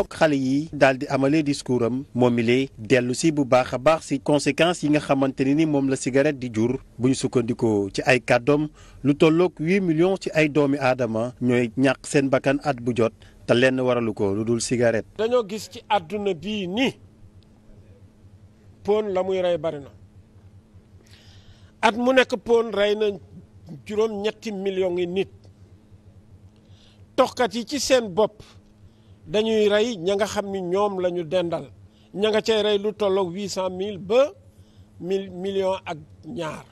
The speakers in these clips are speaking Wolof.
foog xale yi daal di amalee discours am moom mi lee dellu si bu baax a baax si conséquences yi nga xamante ne ni moom la cigarette di jur bu ñu sukkandikoo ci ay kàddoom lu tollook huit millions ci ay doomi aadama ñooy ñàkk seen bakkan at bu jot te lenn waralu ko lu dul cigarette. dañoo gis ci àdduna bii nii pon la muy rey bari na at mu nekk pon rey na juróom ñetti millions yi nit toxkat yi ci seen bopp. dañuy rey ña nga xam ni ñoom la ñu dendal ña nga cay rey lu tolloog huit cent mille ba mille millions ak ñaar.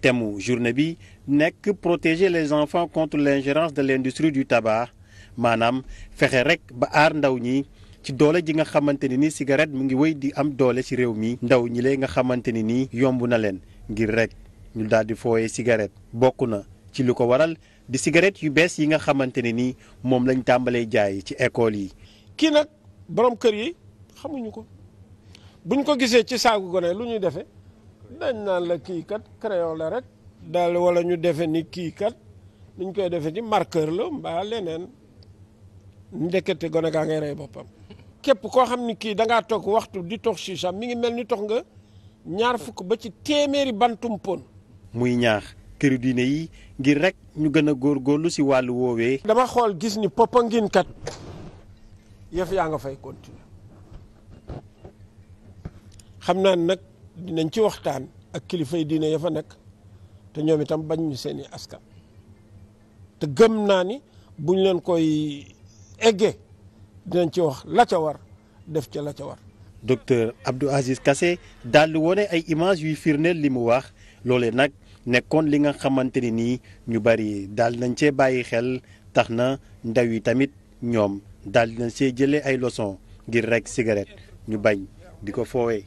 thème journée bi nekk protéger les enfants contre l'ingérence de l'industrie du tabac maanaam fexe rek ba aar ndaw ñi ci doole ji nga xamante ne ni cigarette mu ngi wéy di am doole ci réew mi. ndaw ñi lay nga xamante ne ni yomb na leen ngir rek ñu daal di fooyee cigarette bokk na ci lu ko waral di cigarette yu bees yi nga xamante ne ni moom lañ tàmbalee jaay ci école yi. kii nag boroom kër yi xamuñu ko buñ ko gisee ci saagu gone lu ñuy defee dañ naan la kii kat crayon la rek daal wala ñu defe ni kii kat niñ koy defee ni marqueur la mbaa leneen ndekete gone gaa ngay rey boppam képp koo xam ni kii dangaa toog waxtu di tox chicha mi ngi mel ni tox nga ñaar fukk ba ci téeméeri bantum muy ñaax këru diine yi ngir rek ñu gën a góor góorlu si wàllu woowee dama xool gis ni Popenguine kat yëf yaa nga fay continuer xam naa ni nag dinañ ci waxtaan ak kilifay diine ya fa nekk te ñoom itam bañ ñu seeni askan te gëm naa ni buñ leen koy eggee dinañ ci wax la ca war def ca la ca war docteur Abdou Aziz Kassé daal di wone ay image yuy firndeel li mu wax loole nag nekkoon li nga xamante ni nii ñu bari daal nañ cee bàyyi xel tax na ndaw yi tamit ñoom daal dinañ see jëlee ay loson ngir rekk cigarette ñu bañ di ko foowee